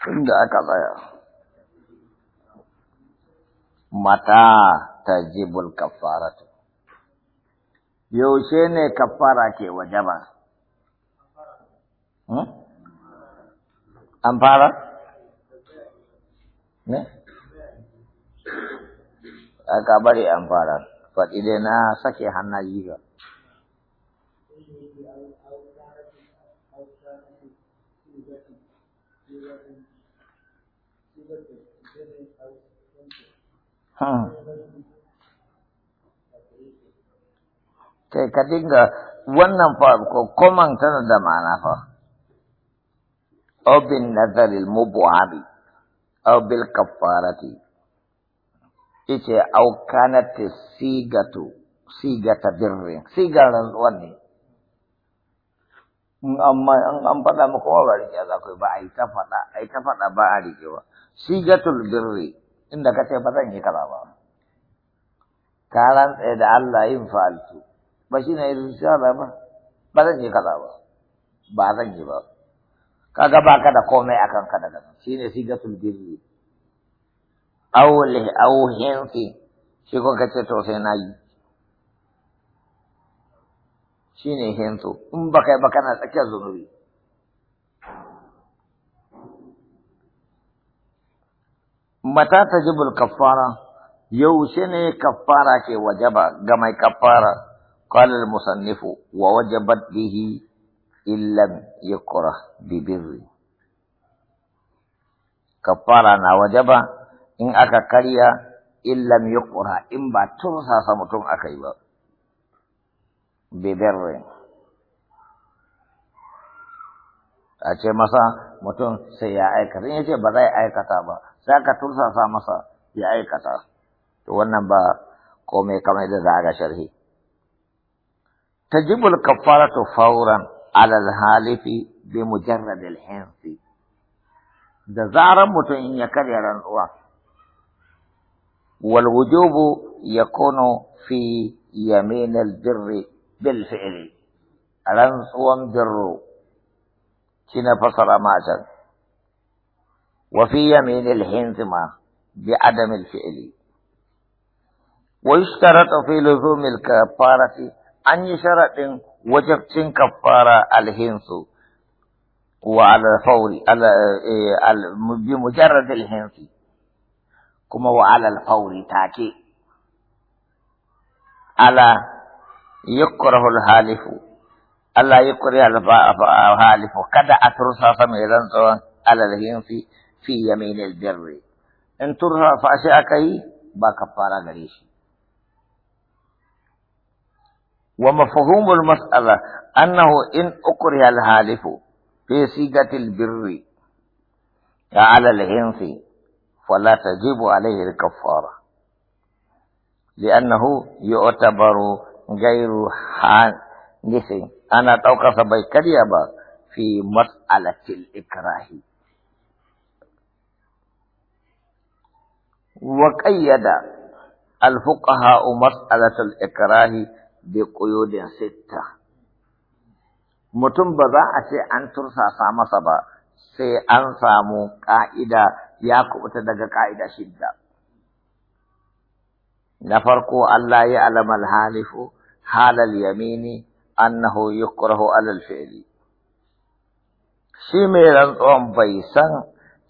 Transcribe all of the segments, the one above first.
tunda aka tsaya mata ta tajibul kaffaratu yaushe ne kafara ke wajaba hmm? an fara ne aka bari an fara faɗi dai na sake hannayi ga Thank you. ka dinga wannan fa koman tana da ma'ana fa. Au bin nazaril mubuhabi, au bil kaffarati. Ice kanat sigatu, sigata birrin, sigaran wani ne. In an faɗa maka wa ba za ku ba, yi ta faɗa, a yi ta faɗa ba a riƙewa. sigatul birri inda kace ba zan yi kaza ba karan tsaye da Allah yin faltu, ba shi ne insha Allah ba ba zan yi kaza ba ba zan yi ba kaga ba ka da komai akan ka daga nan ne sigatul birri aw li aw hinfi shi ko kace to sai na yi ne hinto in ba kai ba kana tsakiyar zunubi mata ta jibul kafara yau shi ne kafara ke wajaba ga mai kafara kwallon musannifu wa wajabar bihi illan ya kura bibirri. kafara na wajaba in aka karya illan ya kura in ba tun sasa mutum aka yi ba bibirri. a ce masa mutum sai ya aikata in yace ba zai aikata ba sai ka tursa sa masa ya aikata to wannan ba komai kamar da za ga sharhi tajibul kaffaratu fawran ala al-halifi bi mujarrad al-hinsi da zaran mutum in ya karya rantsuwa wal wujubu yakunu fi yamin al-birri bil fi'li rantsuwan birru شنا فصل ما وفي يمين الحنثمة بعدم الفعل ويشترط في لزوم الكفارة أن يشرط وجبت كفارة الحنث وعلى الفور إيه، بمجرد الحنث كما وعلى الفور تاكي على يكره الهالف الله يقول يا الهالف وكذا اترسها فميرا على الهين في في يمين البر ان ترها فاشاك هي با كفاره غريش ومفهوم المساله انه ان اكره الهالف في صيغه البر على الهين فلا تجيب عليه الكفاره لانه يعتبر غير حانث ana ɗaukarsa bai karya ba fi mas'alatil ikrahi wa qayyada al fuqaha mas'alatul ikrahi bi quyudin sitta mutum ba za a ce an tursasa masa ba sai an samu ƙa'ida ya kubuta daga ƙa'ida shidda. Na farko Allah ya alamal halifu halal yamini annahu yukrahu alal fi'li shi mai rantsuwan bai san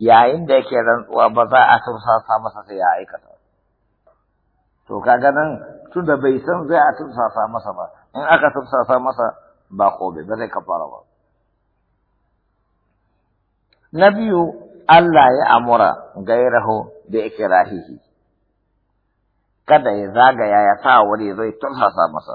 yayin da yake rantsuwa ba za a masa sai ya aikata to kaga nan tunda bai san zai a tursasa masa ba in aka tursasa masa ba kobe ba zai kafara ba na biyu Allah ya amura gairahu da ikirahihi kada ya zagaya ya sa wani zai tursasa masa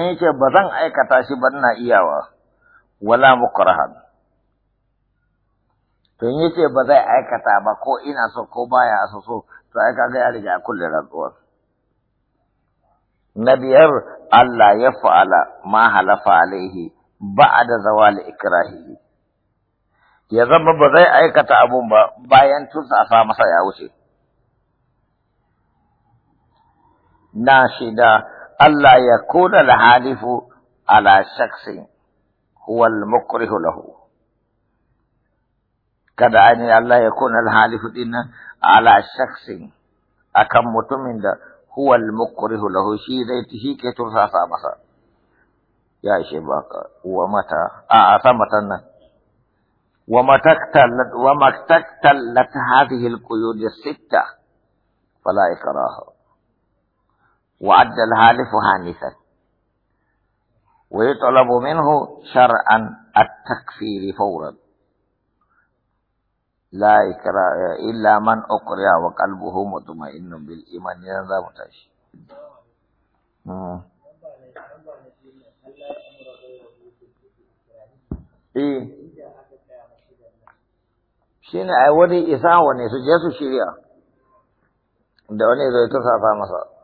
yi ce ba zan aikata shi ba na iyawa wala mukrahan to in ce ba zai aikata ba ko ina so ko baya so so to ai ga ya riga kulle rantsuwar na biyar Allah ya fa'ala ma halafa alaihi ba'da zawali ikrahihi ya zama ba zai aikata abun ba bayan tursasa masa ya wuce. Na shida ألا يكون الحالف على شخص هو المكره له kada ainihin Allah ya kuna alhalifu dinnan ala shaksin akan mutumin da huwal mukrihu lahu shi zai shi ke tursasa masa ya ishe baka wa mata a a samatan nan wa mataktalat wa mataktalat hadhihi alquyud sitta fala ikraha وعد الهالف هانثا ويطلب منه شرعا التكفير فورا لا إكراه إلا من أقرع وقلبه مطمئن بالإيمان هذا متعش آه. إيه شين أولي إساوني سجيسو شريا دوني دويتو سافا مصر